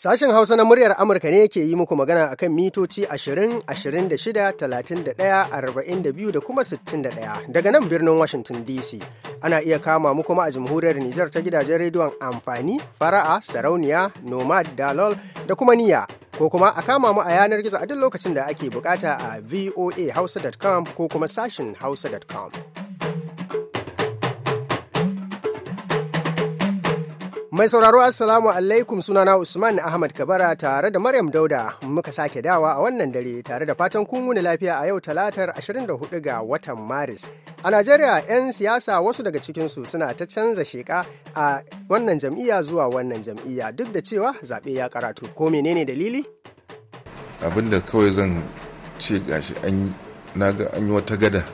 Sashen Hausa na muryar Amurka ne yake yi muku magana a kan mitoci 20, 26, 31, 42 da kuma 61 daga nan birnin Washington DC. Ana iya kama mu kuma a jamhuriyar Nijar ta gidajen rediyon amfani, fara'a, sarauniya, nomad, dalol da kuma niya. Ko kuma a kama mu a yanar gizo a duk lokacin da ake bukata a voahausa.com ko kuma sashen hausa.com. Mai sauraro Assalamu alaikum sunana Usman Ahmad Kabara tare da Maryam Dauda muka sake dawa a wannan dare tare da fatan kun lafiya a yau talatar 24 ga watan Maris. A Najeriya 'yan siyasa wasu daga cikinsu suna ta canza sheka a wannan jam'iyya zuwa wannan jam'iyya duk da cewa zaɓe ya karatu ko menene dalili? Abin da kawai zan ce gashi an na ga an yi wata gada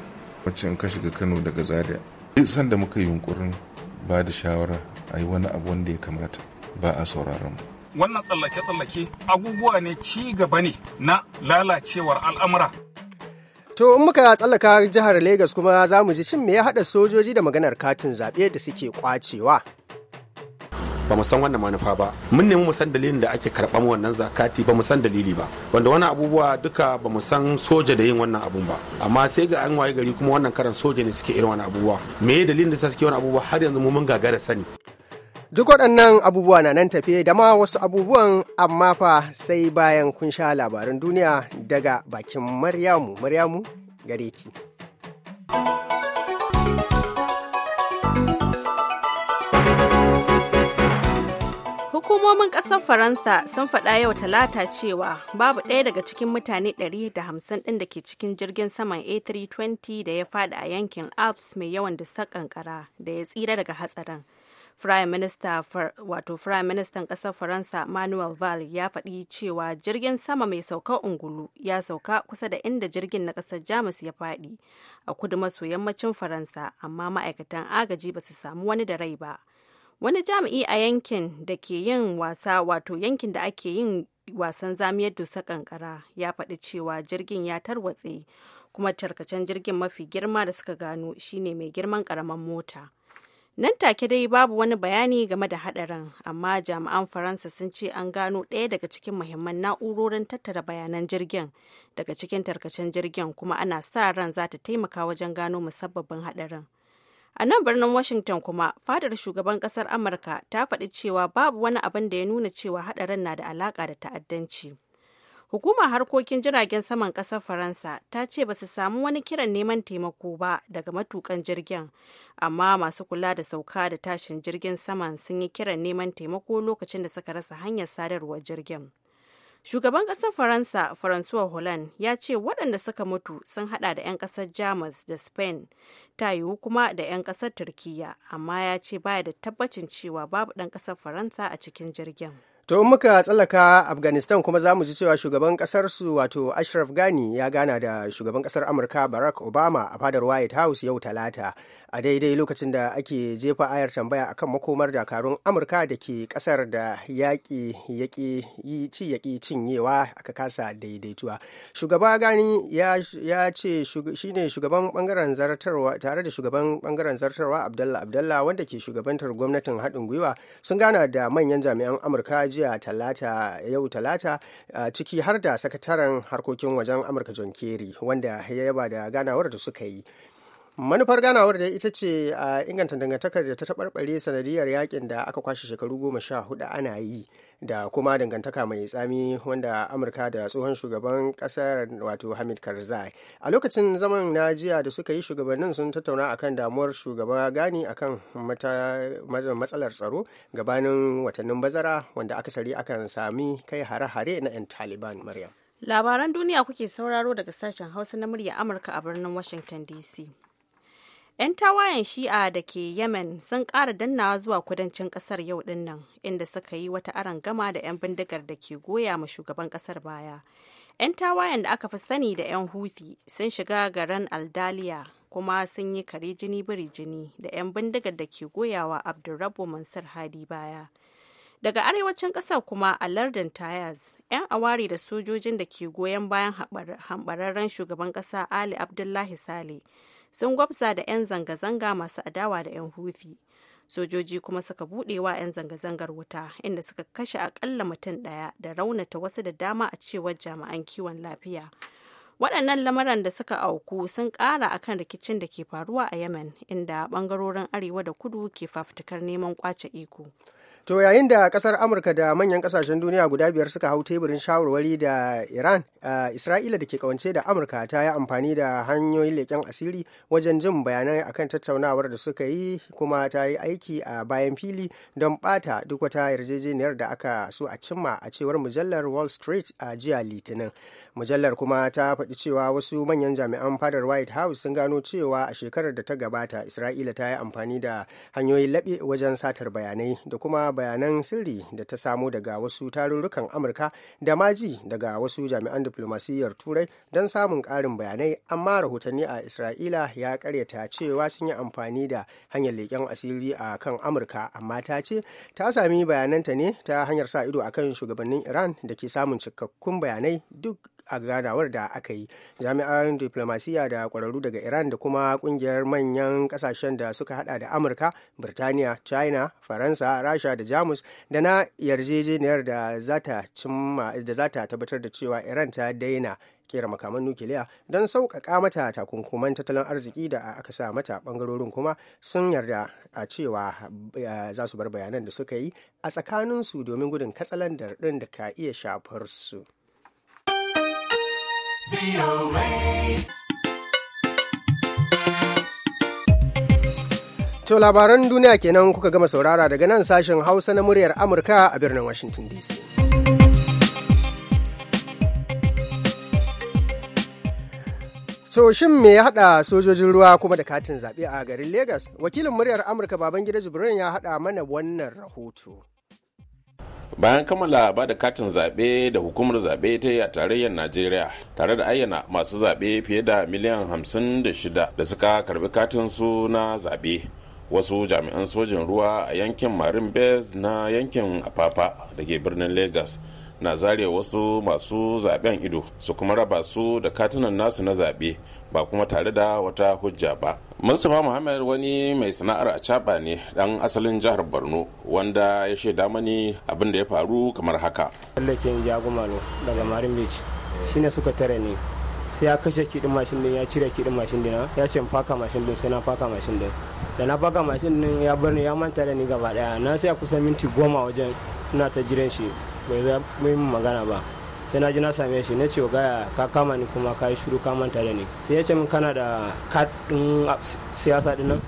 wacce in ka shiga Kano daga Zaria. Sanda muka yi yunkurin ba da shawara a yi wani abu wanda ya kamata ba a sauraron mu wannan tsallake-tsallake abubuwa ne ci gaba ne na lalacewar al'amura. To in muka tsallaka jihar Legas kuma za mu ji shin me ya haɗa sojoji da maganar katin zaɓe da suke kwacewa. ba mu san wannan manufa ba mun nemi mu san dalilin da ake karɓar wannan zakati ba mu san dalili ba wanda wani abubuwa duka ba mu san soja da yin wannan abun ba amma sai ga an waye gari kuma wannan karan soja ne suke irin wannan abubuwa me dalilin da suke wannan abubuwa har yanzu mu mun gagara sani Duk waɗannan abubuwa na nan tafe da ma wasu abubuwan amma fa sai bayan kun sha labarin duniya daga bakin Maryamu. Maryamu gare ki. Hukumomin ƙasar Faransa sun faɗa yau talata cewa babu ɗaya daga cikin mutane 150 ɗin da ke cikin jirgin saman A320 da ya faɗi a yankin Alps mai yawan dusar ƙanƙara da ya tsira daga hatsarin. Prime Minister wato Prime Minister ƙasar Faransa Manuel Val ya faɗi cewa jirgin sama mai sauka ungulu ya sauka kusa da inda jirgin na ƙasar Jamus ya faɗi a kudu maso yammacin Faransa amma ma'aikatan agaji ba su samu wani da rai ba. Wani jami'i a yankin da ke yin wasa wato yankin da ake yin wasan zamiyar dusa kankara ya faɗi cewa jirgin ya tarwatse kuma tarkacen jirgin mafi girma da suka gano shine mai girman ƙaramin mota. nan take dai babu wani bayani game da hadarin amma jami'an faransa sun ce an gano ɗaya daga cikin muhimman na'urorin tattara bayanan jirgin daga cikin tarkacen jirgin kuma ana sa ran za ta taimaka wajen gano musabbabin hadarin a nan birnin washington kuma fadar shugaban kasar amurka ta faɗi cewa babu wani abin da ya nuna cewa hadarin na da alaka da ta'addanci Hukumar harkokin jiragen saman ƙasar Faransa ta ce ba su samu wani kiran neman taimako ba daga matukan jirgin, amma masu kula da sauka da tashin jirgin saman sun yi kiran neman taimako lokacin da suka rasa hanyar sadarwar jirgin. Shugaban ƙasar Faransa, Faransuwa Holland, ya ce waɗanda suka mutu sun haɗa da 'yan ƙasar Jamus da Spain, ta yiwu kuma da 'yan ƙasar Turkiyya, amma ya ce baya da tabbacin cewa babu ɗan ƙasar Faransa a cikin jirgin. To muka tsallaka Afghanistan kuma za mu ji cewa shugaban kasar wato Ashraf Ghani ya gana da shugaban kasar Amurka Barack Obama a fadar White House yau Talata a daidai lokacin da ake jefa ayar tambaya akan makomar dakarun Amurka da ke kasar da yaƙi yaƙi ci yaƙi cinyewa aka kasa daidaituwa. Shugaba Ghani ya, ce ce shine shugaban bangaren zartarwa tare da shugaban bangaren zartarwa abdallah abdallah wanda ke shugabantar gwamnatin haɗin gwiwa sun gana da manyan jami'an Amurka jiya talata yau talata ciki har da sakataren harkokin wajen amurka john kerry wanda ya yaba da ganawar da suka yi manufar ganawar da ita ce a inganta dangantakar da ta taɓarɓare sanadiyar yakin da aka kwashe shekaru goma sha hudu ana yi da kuma dangantaka mai tsami wanda amurka da tsohon shugaban kasar wato hamid karzai a lokacin zaman na jiya da suka yi shugabannin sun tattauna akan damuwar shugaba gani akan matsalar tsaro gabanin watannin bazara wanda akasari akan sami kai hare-hare na 'yan taliban maryam labaran duniya kuke sauraro daga sashen hausa na murya amurka a birnin washington dc 'Yan tawayen shi'a da ke Yemen sun ƙara dannawa zuwa kudancin ƙasar yau dinnan, inda suka yi wata gama da 'yan bindigar da ke goya ma shugaban ƙasar baya. 'Yan tawayen da aka fi sani da 'yan Houthi sun shiga garin Aldaliya kuma sun yi kare jini biri jini da 'yan bindigar da ke goya wa Abdurrabu Mansur Hadi baya. Daga arewacin ƙasar kuma a lardin Tayaz, 'yan awari da sojojin da ke goyon bayan hambararren shugaban ƙasa Ali Abdullahi Sale sun gwabza da 'yan zanga-zanga masu adawa da 'yan hufi sojoji kuma suka buɗe wa 'yan zanga-zangar wuta inda suka kashe akalla mutum ɗaya da raunata wasu da dama a cewar jami'an kiwon lafiya waɗannan lamaran da suka auku sun ƙara akan rikicin da ke faruwa a yemen inda ɓangarorin arewa da kudu ke fafutukar neman kwace iko To yayin da kasar Amurka da manyan kasashen duniya guda biyar suka hau teburin shawarwari da Iran, Isra'ila da ke kawance da Amurka ta yi amfani da hanyoyin leƙen asiri wajen jin bayanai akan tattaunawar da suka yi kuma ta yi aiki a bayan fili don bata duk wata yarjejeniyar da aka so a cimma a cewar mujallar Wall Street a jiya Litinin. mujallar kuma ta faɗi cewa wasu manyan jami'an fadar white house sun gano cewa a shekarar da ta gabata isra'ila ta yi amfani da hanyoyin laɓe wajen satar bayanai da kuma bayanan sirri da ta samo daga wasu tarurrukan amurka da maji daga wasu jami'an diplomasiyyar turai don samun ƙarin bayanai amma rahotanni a isra'ila ya karyata cewa sun yi amfani da hanyar leƙen asiri a kan amurka amma ta ce ta sami bayananta ne ta hanyar sa ido a kan shugabannin iran da ke samun cikakkun bayanai duk a ganawar da aka yi jami'an diplomasiya da kwararru daga iran da kuma kungiyar manyan kasashen da suka hada da amurka birtaniya china faransa rasha da jamus da na yarjejeniyar da za ta tabbatar da cewa iran ta daina kera makaman nukiliya don sauƙaƙa mata takunkuman tattalin arziki da aka sa mata ɓangarorin kuma sun yarda a cewa eh, za su bar bayanan da suka yi a tsakaninsu domin gudun katsalandar ɗin da ka iya shafar su. To labaran duniya kenan kuka gama saurara daga nan sashen Hausa na muryar Amurka a birnin Washington DC. To shin me ya haɗa sojojin ruwa kuma da katin zaɓe a garin Legas? Wakilin muryar Amurka Babangida Jibrin ya haɗa mana wannan rahoto. bayan kammala ba da katin zaɓe da hukumar zaɓe ta yi a tarayyar najeriya tare da ayyana masu zaɓe fiye da miliyan hamsin da shida da suka karbi katin su na zaɓe wasu jami'an sojin ruwa a yankin marin bez na yankin apapa da ke birnin lagos na zare wasu masu zaben ido su kuma raba su da katunan nasu na zaɓe ba kuma tare da wata hujja ba mustapha muhammad wani mai sana'ar a ne dan asalin jihar borno wanda ya shaida mani abin da ya faru kamar haka tallakin jagumalo daga marin beach shine suka tare ne sai ya kashe kiɗin mashin din ya cire kiɗin mashin din ya ce faka mashin din sai na faka mashin din da na faka mashin din ya bar ni ya manta da ni gaba daya na sai kusan minti goma wajen ina ta jiran shi bai yi magana ba sai na ji na same shi na ce wa gaya ka kama ni kuma ka yi shiru ka manta da ni sai ya ce min kana da kat din siyasa din nan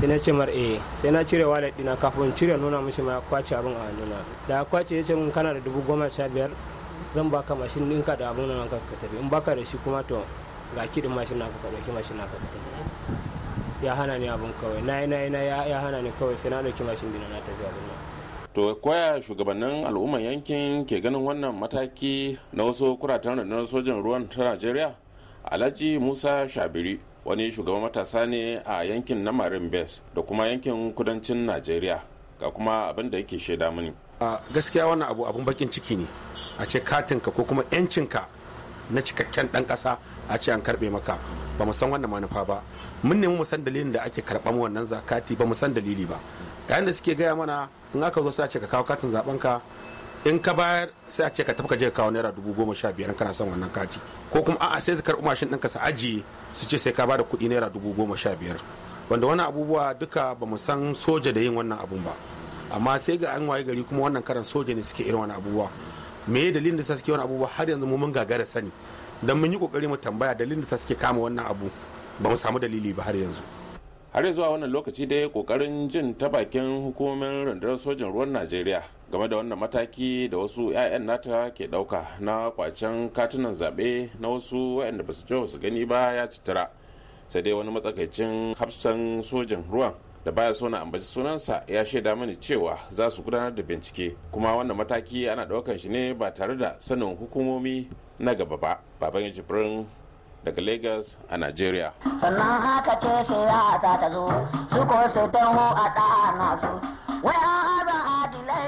sai na ce mar eh sai na cire wallet dina kafin cire nuna mishi ma kwace abin a na da kwace ya ce min kana da dubu goma sha biyar zan baka mashin ɗinka da abin nan ka tafi in baka da shi kuma to ga kiɗin mashin naka ka ɗauki mashin naka ka tafi ya hana ni abin kawai na yi na yi na ya hana ni kawai sai na ɗauki mashin dina na tafi abin nan to koya shugabannin al'umman yankin ke ganin wannan mataki na wasu kuratan rundunar sojan ruwan ta najeriya alhaji musa shabiri wani shugaban matasa ne a yankin na marin bes da kuma yankin kudancin najeriya ga kuma abin da yake shaida mini gaskiya wannan abu abun bakin ciki ne a ce katinka ko kuma yancinka na cikakken dan kasa a ce an karbe maka ba mu san wannan manufa ba mun nemi mu san dalilin da ake karban wannan zakati ba mu san dalili ba yayin da suke gaya mana in aka zo sai a ce ka kawo katin zaben ka in ka bayar sai a ce ka tafi ka je ka kawo naira dubu goma sha biyar kana son wannan kati ko kuma a'a sai su karɓi mashin ɗinka su ajiye su ce sai ka bada kuɗi naira dubu goma sha biyar wanda wani abubuwa duka ba mu san soja da yin wannan abun ba amma sai ga an waye gari kuma wannan karan soja ne suke irin wani abubuwa me dalilin da suke wani abubuwa har yanzu mu mun gagara sani dan mun yi kokari mu tambaya dalilin da suke kama wannan abu ba mu samu dalili ba har yanzu har zuwa wannan lokaci dai kokarin jin ta bakin hukumomin rundunar sojin ruwan najeriya game da wannan mataki da wasu 'ya'yan nata ke dauka na kwacen katunan zaɓe na wasu waɗanda ba su ce su gani ba ya citira sai dai wani matsakaicin hafsan sojin ruwan da baya so na ambaci sunansa ya shaida mani cewa za su gudanar da bincike kuma wannan mataki ana daukan shi ne ba tare da sanin hukumomi na gaba ba baban jibrin daga Lagos a nigeria. Sannan haka ce ya ta zo, su ko su taho a ɗana su.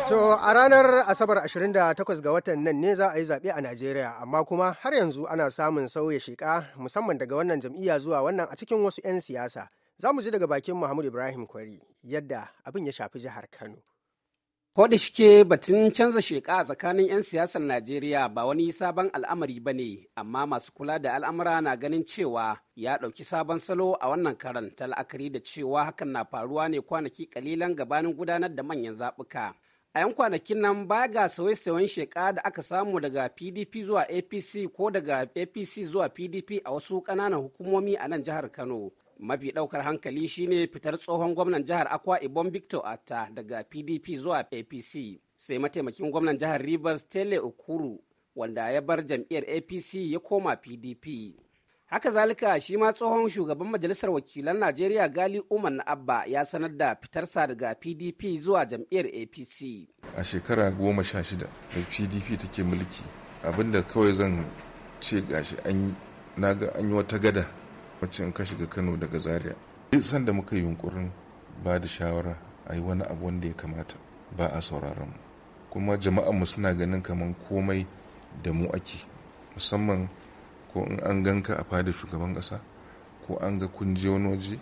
To a ranar Asabar 28 ga watan nan ne za a yi zaɓe a Najeriya amma kuma har yanzu ana samun sauya sheƙa musamman daga wannan jam'iyya zuwa wannan a cikin wasu 'yan siyasa. Za mu ji daga bakin Muhammadu Ibrahim Kwari yadda abin ya shafi jihar Kano. Koda shike batun canza sheka a tsakanin 'yan siyasar Najeriya ba wani sabon al'amari ba ne, amma masu kula da al'amura na ganin cewa ya ɗauki sabon salo a wannan karan ta la'akari da cewa hakan na faruwa ne kwanaki kalilan gabanin gudanar da manyan zaɓuka. A 'yan kwanakin nan baya ga sauye-sauyen sheka da aka samu daga PDP zuwa APC ko daga APC zuwa PDP a wasu ƙananan hukumomi a nan jihar Kano. mafi ɗaukar hankali shine fitar tsohon gwamnan jihar akwa ibom victor ata daga pdp zuwa apc sai mataimakin gwamnan jihar rivers tele okuru wanda ya bar jam'iyyar apc ya koma pdp haka zalika shi ma tsohon shugaban majalisar wakilan najeriya gali umar na abba ya sanar da fitarsa daga pdp zuwa jam'iyyar apc a shekara goma sha shida da pdp take mulki abinda kawai zan ce gashi an yi wata gada wacce in ka shiga kano daga zaria duk sanda muka yi yunkurin ba da shawara a yi wani abu wanda ya kamata ba a sauraron mu kuma jama'anmu suna ganin kamar komai da mu ake musamman ko in an ganka a fada shugaban ƙasa ko an ga kunje wani waje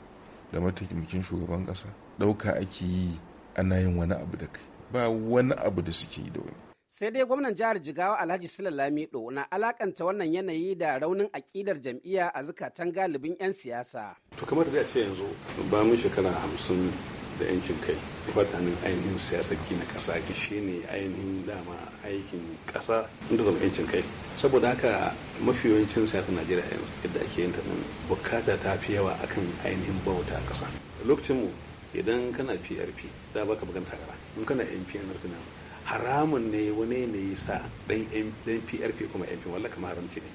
da mataimakin shugaban ƙasa ɗauka ake yi ana yin wani abu da kai ba wani abu da suke yi da wani sai dai gwamnan jihar jigawa alhaji sula lamido na alakanta wannan yanayi da raunin akidar jam'iyya a zukatan galibin 'yan siyasa to kamar da ce yanzu ba mu shekara hamsin da yancin kai fatanin ainihin siyasar gina kasa shi ne ainihin dama aikin kasa inda zama yancin kai saboda haka mafi yawancin siyasar najeriya yanzu yadda ake yin tanan bukata ta fi yawa akan ainihin bauta kasa lokacin mu idan kana prp da baka bukanta takara in kana npn na haramun ne wani ne ya sa dan PRP kuma MP wallah kamar haramci ne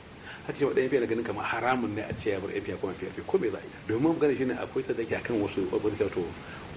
haka cewa dan MP na ganin kamar haramun ne a ce ya bar kuma PRP ko me za a yi domin magana shine akwai ta dake akan wasu abubuwa to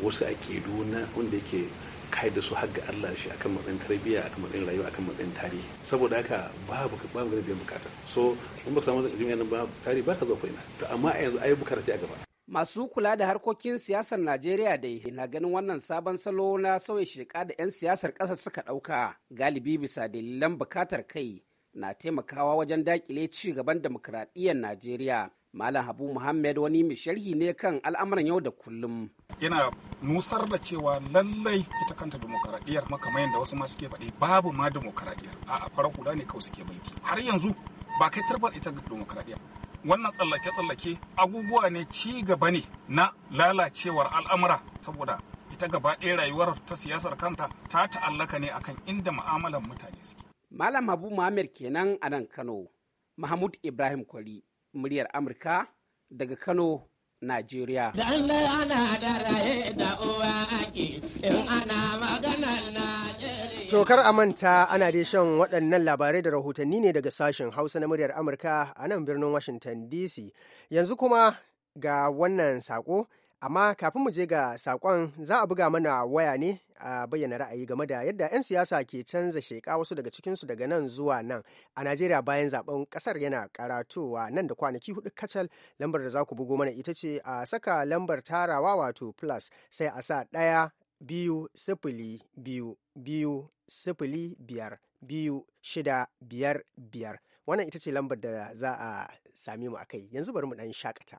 wasu akidu na wanda yake kai da su haga Allah shi akan matsayin tarbiyya akan matsayin rayuwa akan matsayin tarihi saboda haka babu babu ganin biyan bukata so in ba samu zaka jin ba tarihi ba ka zo ko ina to amma yanzu ai bukata a gaba Masu kula da harkokin siyasar Najeriya dai na ganin wannan sabon salo na sauya sheka da 'yan siyasar ƙasar suka ɗauka galibi bisa dalilan bukatar kai na taimakawa wajen dakile ci gaban demokuraɗiyyar Najeriya. Malam Habu muhammed wani mai sharhi ne kan al'amuran yau da kullum. Yana nusar da cewa lallai ita kanta demokaradiyyar makamai da wasu ma suke faɗi babu ma demokaradiyyar a farar hula ne kawai suke mulki. Har yanzu ba kai tarbar ita demokaradiyyar. wannan tsallake-tsallake abubuwa ne ci gaba ne na lalacewar al'amura saboda ita gaba ɗaya rayuwar ta siyasar kanta ta ta'allaka ne akan inda ma'amalan mutane suke. Malam Habu Muhammad kenan a nan Kano, Mahmud Ibrahim Kwari, muryar Amurka daga Kano, Najeriya. Da ana da raye da uwa in ana maganar na a manta ana dai shan waɗannan labarai da rahotanni ne daga sashen Hausa na muryar Amurka a nan birnin Washington DC. Yanzu kuma ga wannan sako, amma kafin mu je ga sakon za a buga mana waya ne a bayyana ra'ayi game da yadda 'yan siyasa ke canza sheka wasu daga cikinsu daga nan zuwa nan a najeriya bayan zaben kasar yana karatowa nan da kwanaki hudu kacal lambar da za ku bugo mana ita ce a saka lambar tarawa wato plus sai a sa ɗaya biyu sifili biyu biyu sifili biyar biyu shida biyar biyar wannan ita ce lambar da za a same mu a kai yanzu bari mu ɗan shakata.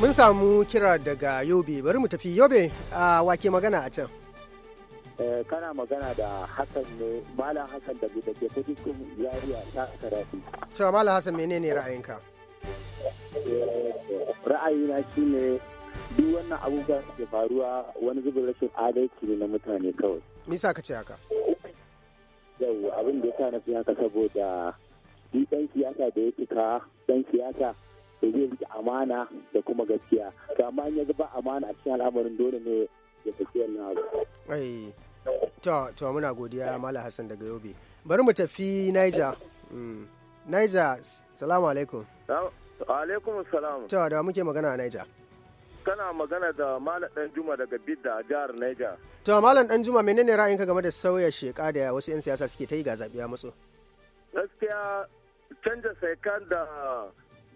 Mun samu kira daga Yobe, bari mu tafi Yobe a wake magana a can. Eh, kana magana da Hassan ne, Malam Hassan da ke kudin yariya ta karafi. Cewa Malam Hassan menene ra'ayinka? Eh, ra'ayina shi ne duk wannan abubuwa da faruwa wani zubin rashin adalci ne na mutane kawai. nisa ka ce haka? Yau abin da ya sa na fi haka saboda yi ɗan siyasa da ya cika ɗan siyasa da zai riƙe amana da kuma gaskiya ga amma ya zuba amana a cikin al'amarin dole ne ya tafi wannan abu to to muna godiya mala hassan daga yobe bari mu tafi niger mm. niger salamu alaikum alaikum salam to da muke magana a niger kana magana da malam dan juma daga bidda a jihar niger to malam dan juma menene ra'ayinka game da sauya sheka da wasu 'yan siyasa suke ta yi ga zaɓe matso gaskiya canja saikan da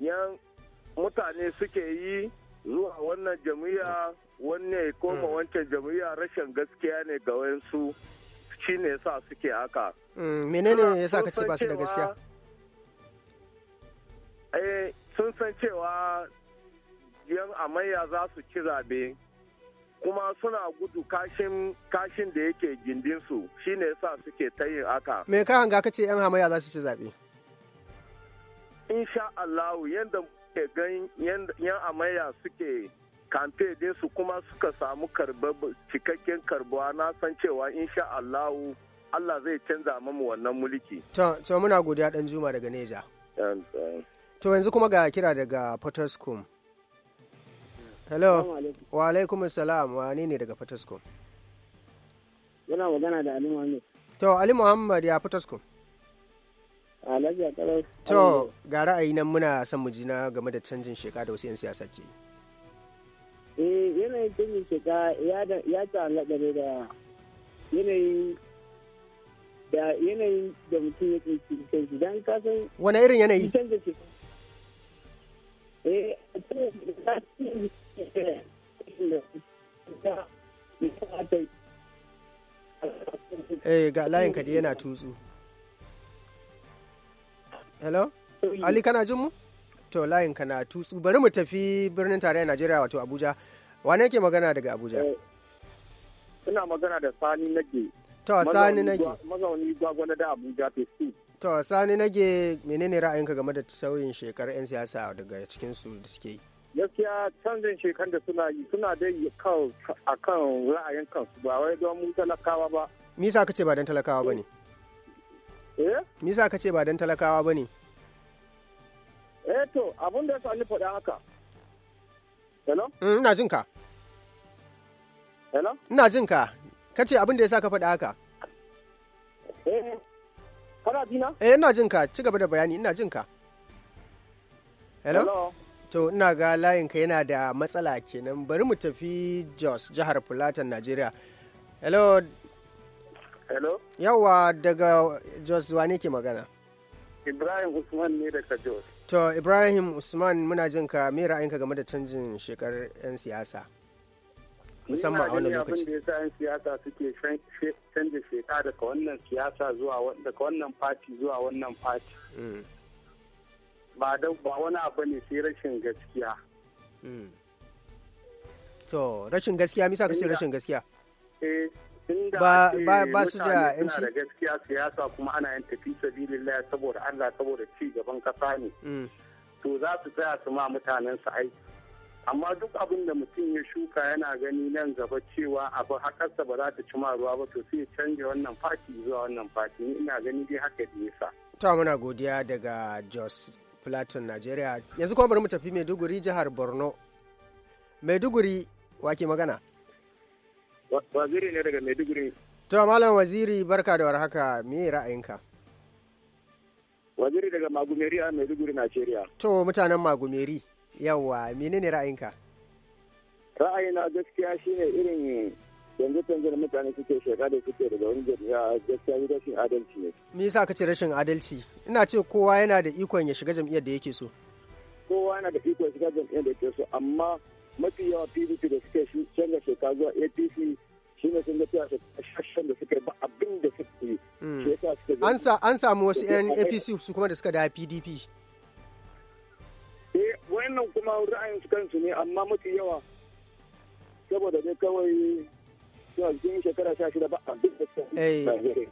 yan mutane suke yi zuwa wannan jami'a wanne koma mm. wancan jami'a rashin gaskiya ne ga wayansu shi ne sa suke haka. Mm, menene ya sa ka ce ba su da gaskiya? eh sun san cewa yan amayya za su ci zabe kuma suna gudu kashin da yake gindinsu shi ne sa suke ta yin haka. me ka hanga ka ce yan amayya za su ci zabe? insha Allah yadda suke gan yan amaya suke kamfe din su kuma suka samu cikakken karbuwa na san cewa insha Allahu Allah zai canza mamu wannan mulki. To muna godiya dan Juma daga Neja. To yanzu kuma ga kira daga Potoskum. Hello. Wa alaikum salam wa ne ne daga Potoskum? Yana magana da Ali Muhammad. To Ali Muhammad ya Potoskum. To, ga ra'ayi nan muna son mu jina game da canjin sheka da wasu 'yan siyasa ke. Eh, yanayin canjin sheka ya ne da yanayin da yanayin da mutum ya shi don kasan. Wane irin yanayi? Canjin eh, eh, ga layin kadi yana tutsu. hello ali kana jin mu to layin ka na tutsu bari mu tafi birnin tarayyar najeriya wato abuja wane ke magana daga abuja eh, ina magana da sani nage to sani nage mazauni gwagwana da abuja festival to sani nage menene ra'ayinka game da sauyin shekar 'yan siyasa daga cikin su da suke yi gaskiya canjin shekar da suna yi suna dai a kan ra'ayin kansu ba wai don mu talakawa ba misa ka ce ba don talakawa ba ne Eh? Me yasa ka ce ba don talakawa ba ne? Eh to, abin da ya sani faɗa haka. Hello? Mm, ina jin ka. Hello? Ina jin ka. Ka ce abin da ya sa ka faɗa haka. Eh, kana jina? Eh, ina jin ka. Ci gaba da bayani, ina jin ka. Hello? To ina ga layinka yana da matsala kenan bari mu tafi Jos jihar Filatan Najeriya. Hello Hello? Yawwa daga Jos wane ke magana? Ibrahim Usman ne daga Jos. To Ibrahim Usman muna jin ka me ra'ayinka game da canjin shekar 'yan siyasa? Musamman a wannan lokaci. Abin da ya sa 'yan siyasa suke canza sheka daga wannan siyasa zuwa daga wannan fati zuwa wannan fati. Mm. Ba wani abu ne sai rashin gaskiya. Mm. To rashin gaskiya misa ka ce rashin gaskiya? Eh ba su da yanci da gaskiya siyasa kuma ana yin tafi laya saboda Allah saboda ci gaban kasa ne mm. to za su tsaya su ma mutanen su aiki amma duk abin da mutum ya shuka yana gani nan gaba cewa abu hakarsa ba za ta ci ruwa ba to sai ya canja wannan fati zuwa wannan fati ina gani dai haka da yasa ta muna godiya daga Jos Platon Nigeria yanzu kuma bari mu tafi Maiduguri jihar Borno Maiduguri wake magana Waziri ne daga Maiduguri. To Malam Waziri barka da warhaka me ra'ayinka? Waziri daga Magumeri a Maiduguri, Najeriya. To mutanen Magumeri yawa menene ra'ayinka? Ra'ayina gaskiya shine irin yanzu canje da mutane suke shiga da suke daga wani jam'iyya gaskiya yi rashin adalci ne. Me yasa ka ce rashin adalci? Ina ce kowa yana da ikon ya shiga jam'iyyar da yake so. Kowa yana da ikon shiga jam'iyyar da yake so amma mafi yawa pdp da suke canza shekaru zuwa apc shi ne sun gafi a shashen da suka yi ba abin da suka yi hmm. an samu wasu yan apc su kuma da suka da pdp eh wayannan kuma ra'ayin su kansu ne amma mafi yawa saboda ne kawai suna cikin shekara sha shida ba abin da suka yi eh,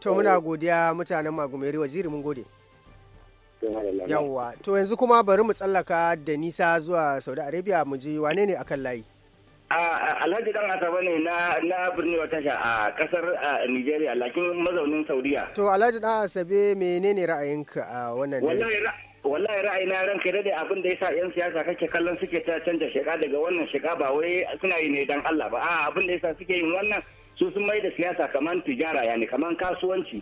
to muna godiya mutanen magumeri waziri mun gode yawwa to yanzu kuma bari mu tsallaka da nisa zuwa saudi arabia mu ji wane ne akan layi alhaji dan asaba ne na birni wata tasha a kasar nigeria lakin mazaunin saudiya to alhaji dan asabe menene ra'ayinka a wannan wallahi ra'ayi na ranka da abin da yasa yan siyasa kake kallon suke ta canja shiga daga wannan shiga ba wai suna yi ne dan Allah ba a abin da yasa suke yin wannan su sun mai da siyasa kamar tijara yani kamar kasuwanci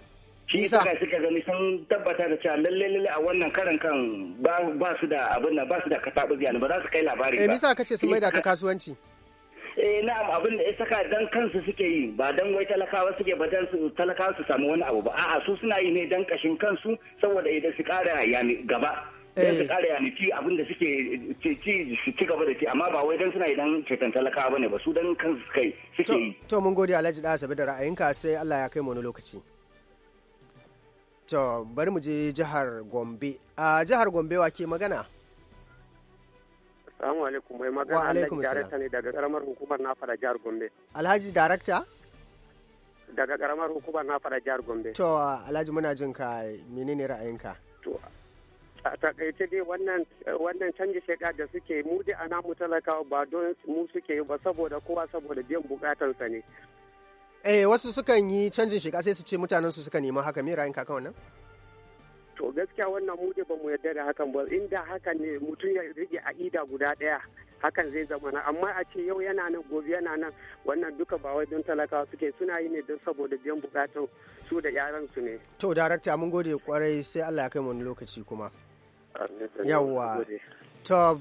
shi ta ga suka gani sun tabbata da cewa lalle lalle a wannan karan kan ba su da abin nan ba su da katabu ziyani ba za su kai labari eh, ba eh bisa kace su maida ta kasuwanci eh na'am abin da ya saka dan kansu suke yi ba dan wai talakawa suke ba dan su talakawa su samu wani abu ba a'a su suna yi ne dan kashin kansu saboda idan su kara yani gaba dan su kara eh. yani ci abin da suke ci su ci gaba da ci amma ba wai dan suna yi dan ceton talakawa bane ba su dan kansu suke yi to mun gode Alhaji da Asabe da ra'ayinka sai Allah ya kai mu wani lokaci to bari mu je jihar gombe a jihar gombe wa ke magana Assalamu alaikum mai magana Alhaji Darakta ne daga karamar hukumar na fara jihar Gombe. Alhaji Darakta? Daga karamar hukumar na fara jihar Gombe. To Alhaji muna jin ka menene ra'ayinka? To a takaice dai wannan wannan canji sheka da suke mu da ana mu talakawa ba don mu suke ba saboda kowa saboda biyan bukatansa ne. eh wasu sukan yi canjin shiga sai su ce mutanen su suka nemi haka me ra'ayin kan wannan to gaskiya wannan mu da bamu yarda da hakan ba inda hakan ne mutum ya rike a'ida guda daya hakan zai zama na amma a ce yau yana nan gobe yana nan wannan duka ba wai don talakawa suke suna yi ne don saboda biyan bukatun su da yaran su ne to darakta mun gode kwarai sai Allah ya kai mu wani lokaci kuma yawwa To,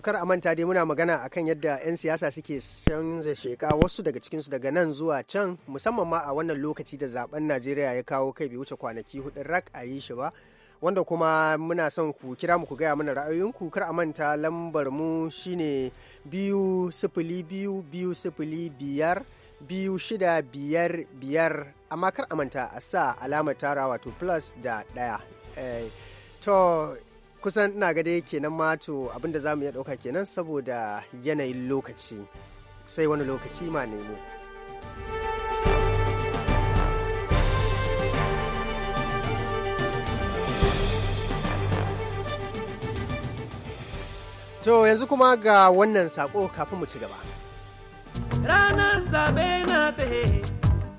kar a manta dai muna magana akan yadda 'yan siyasa suke canza sheka wasu daga cikinsu daga nan zuwa can musamman ma a wannan lokaci da zaben Najeriya ya kawo kai bai wuce kwanaki hudu rak a yi shi ba. Wanda kuma muna son ku kira muku gaya mana ra'ayoyinku kar a manta lambar mu shine biyu sifili biyu biyu sifili biyar biyu shida biyar biyar amma kar a manta a sa alamar tara wato plus da ɗaya. Eh, to kusan ina ga dai kenan mato abinda za mu iya ɗauka kenan saboda yanayin lokaci sai wani lokaci ma nemo. To yanzu kuma ga wannan sako kafin mu ci gaba. Ranar zaɓe na ta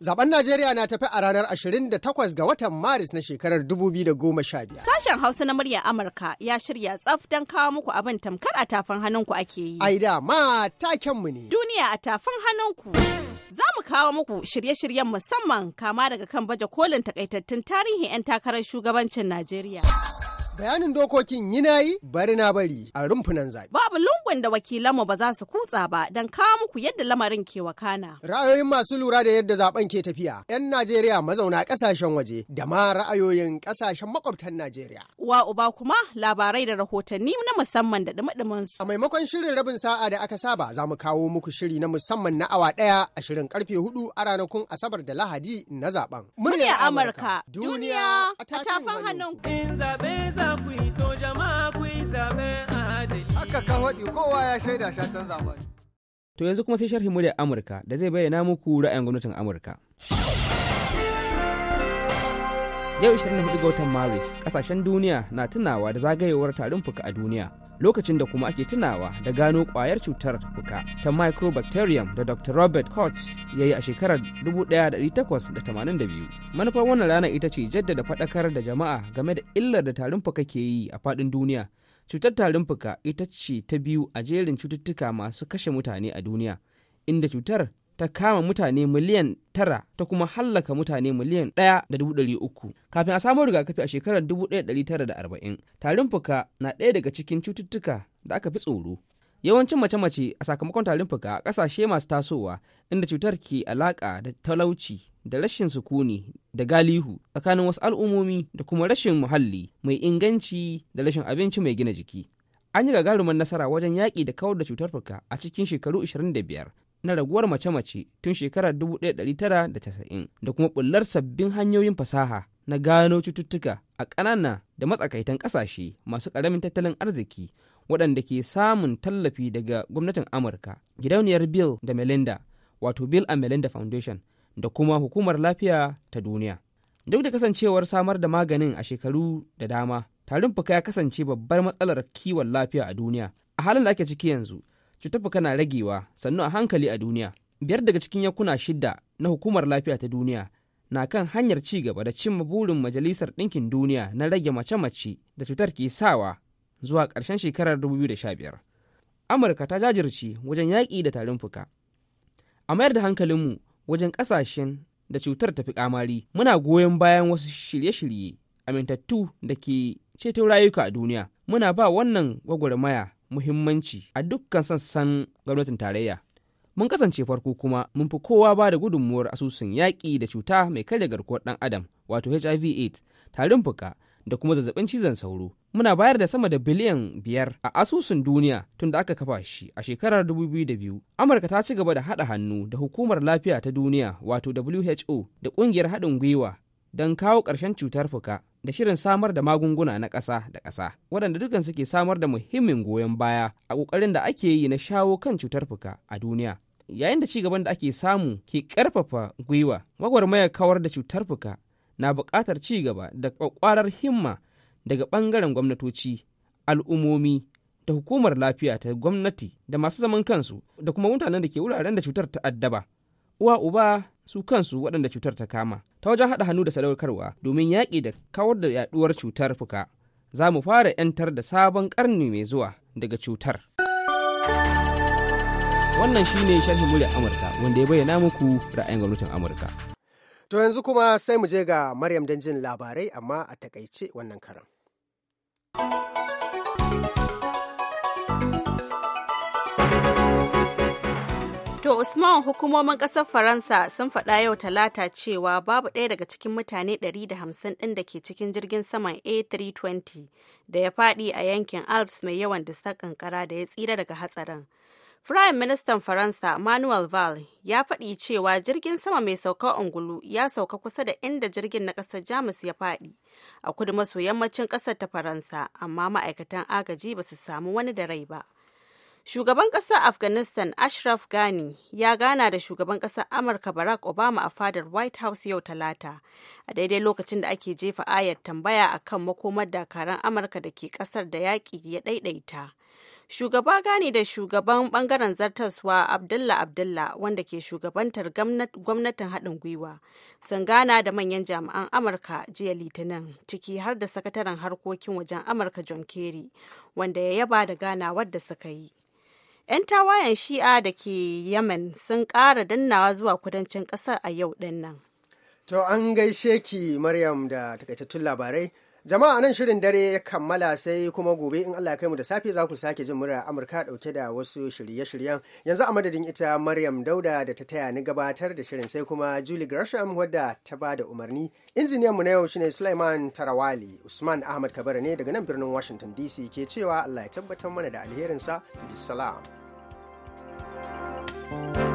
Zaben Najeriya na tafi a ranar 28 ga watan Maris na shekarar 2015. Sashen Hausa na murya Amurka ya shirya tsaf don kawo muku abin tamkar a tafin hannunku ake yi. Aida da ma takenmu ne. Duniya a tafin hannunku. Za mu kawo muku shirye-shiryen musamman kama daga kan baje kolin takaitattun tarihin 'yan takarar shugabancin Najeriya. Bayanin dokokin yi na yi bari na bari a rumfunan zaɓe. Babu lungun da wakilanmu ba za su kutsa ba don kawo muku yadda lamarin ke wakana. Ra'ayoyin masu lura da yadda zaben ke tafiya 'yan Najeriya mazauna ƙasashen waje da ma ra'ayoyin ƙasashen makwabtan Najeriya. Wa uba kuma labarai da rahotanni na musamman da ɗumi su. A maimakon shirin rabin sa'a da aka saba za mu kawo muku shiri na musamman na awa ɗaya a shirin karfe hudu a ranakun Asabar da Lahadi na zaben. Murya Amurka, duniya a tafin hannun. za ku to jama'a ku adali. Haka kan kowa ya shaida shatan zamani. To yanzu kuma sai sharhin muryar Amurka da zai bayyana muku ra'ayin gwamnatin Amurka. Yau 24 ga watan Maris, kasashen duniya na tunawa da zagayewar tarin fuka a duniya. Lokacin da kuma ake tunawa da gano kwayar cutar fuka ta Microbacterium da Dr. Robert Koch ya yi a shekarar 1882. Manufar wannan rana ita ce jaddada faɗakar da jama'a game da illar da tarin fuka ke yi a faɗin duniya. Cutar tarin fuka ita ce ta biyu a jerin cututtuka masu kashe mutane a duniya, inda cutar ta kama mutane miliyan tara ta kuma hallaka mutane miliyan ɗaya da dubu ɗari uku kafin a samu rigakafi a shekarar dubu ɗaya ɗari tara da arba'in tarin fuka na ɗaya daga cikin cututtuka da aka fi tsoro yawancin mace-mace a sakamakon tarin fuka a ƙasashe masu tasowa inda cutar ke alaƙa da talauci da rashin sukuni da galihu tsakanin wasu al'ummomi da kuma rashin muhalli mai inganci da rashin abinci mai gina jiki an yi gagarumin nasara wajen yaƙi da kawar da cutar fuka a cikin shekaru 25 na raguwar mace-mace tun shekarar 1990 da kuma bullar sabbin hanyoyin fasaha na gano cututtuka a ƙanana da matsakaitan ƙasashe masu ƙaramin tattalin arziki waɗanda ke samun tallafi daga gwamnatin amurka gidauniyar bill da melinda wato bill and melinda foundation da kuma hukumar lafiya ta duniya duk da kasancewar samar da maganin a shekaru da dama tarin fuka ya kasance babbar matsalar kiwon lafiya a duniya a halin da ake ciki yanzu cutar fuka na ragewa sannu a hankali a duniya biyar daga cikin yankuna shida na hukumar lafiya ta duniya na kan hanyar ci gaba da cimma burin majalisar ɗinkin duniya na rage mace-mace da cutar ke sawa zuwa ƙarshen shekarar 2015 amurka ta jajirce wajen yaƙi da tarin fuka a mayar da hankalinmu wajen ƙasashen da cutar tafi ƙamari, muna goyon bayan wasu shirye-shirye amintattu da ke ceto rayuka a duniya muna ba wannan gwagwarmaya muhimmanci a dukkan sassan gwamnatin tarayya mun kasance farko kuma mun fi kowa ba da gudunmuwar asusun yaƙi da cuta mai karya garkuwar ɗan adam wato hiv aids tarin fuka da kuma zazzabin cizon sauro muna bayar da sama da biliyan biyar a asusun duniya tun da aka kafa shi a shekarar 2002 amurka ta ci gaba da haɗa hannu da hukumar lafiya ta duniya wato who da ƙungiyar haɗin gwiwa don kawo ƙarshen cutar fuka da shirin samar da magunguna na ƙasa da ƙasa waɗanda dukan suke samar da muhimmin goyon baya a ƙoƙarin da ake yi na shawo kan cutar fuka a duniya yayin da cigaban da ake samu ke ƙarfafa gwiwa gwagwarmayar kawar da cutar fuka na buƙatar cigaba da ƙwaƙwarar himma daga ɓangaren gwamnatoci al'ummomi da hukumar lafiya ta gwamnati da masu zaman kansu da kuma mutanen da ke wuraren da cutar ta addaba uwa uba su kansu waɗanda cutar ta kama ta wajen haɗa hannu da sadaukarwa domin yaƙi da kawar da yaɗuwar cutar fuka za mu fara 'yantar da sabon ƙarni mai zuwa daga cutar wannan shi ne sharhin muryar amurka wanda ya bayyana muku ra'ayin gwamnatin amurka to yanzu kuma sai mu je ga maryam don jin labarai amma a takaice wannan karan To Usman hukumomin ƙasar Faransa sun faɗa yau talata cewa babu ɗaya daga cikin mutane 150 ɗin da ke cikin jirgin saman A320 da ya faɗi a yankin Alps mai yawan dusa kankara da ya tsira daga hatsarin. Firayim Ministan Faransa Manuel Val ya faɗi cewa jirgin sama mai sauka ungulu ya sauka kusa da inda jirgin na ƙasar Jamus ya faɗi a kudu maso yammacin ƙasar ta Faransa, amma ma'aikatan agaji ba su samu wani da rai ba. Shugaban ƙasar Afghanistan Ashraf Ghani ya gana da shugaban ƙasar Amurka Barack Obama a fadar White House yau Talata, a daidai lokacin da ake jefa ayar tambaya a kan makomar dakaran Amurka da ke ƙasar da yaƙi ya ɗaiɗaita. Shugaba gani da shugaban bangaren zartaswa Abdullah Abdullah wanda ke shugabantar gwamnatin haɗin gwiwa sun gana da manyan jami'an Amurka jiya Litinin ciki har da sakataren harkokin wajen Amurka John Kerry wanda ya yaba da ganawar da suka yi. 'Yan tawayen shi'a da ke Yemen sun ƙara dannawa zuwa kudancin ƙasar a yau ɗin nan. To an gaishe ki Maryam da takaitattun labarai jama'a nan shirin dare ya kammala sai kuma gobe in Allah kai mu da safe za ku sake jin murar amurka dauke da wasu shirye-shiryen yanzu a madadin ita maryam dauda da ta taya ni gabatar da shirin sai kuma julie gresham wadda ta ba da umarni injiniyar mu na yau shine suleiman tarawali usman ahmad kabara ne daga nan birnin washington dc ke cewa Allah ya tabbatar mana da alherinsa bisalam thank you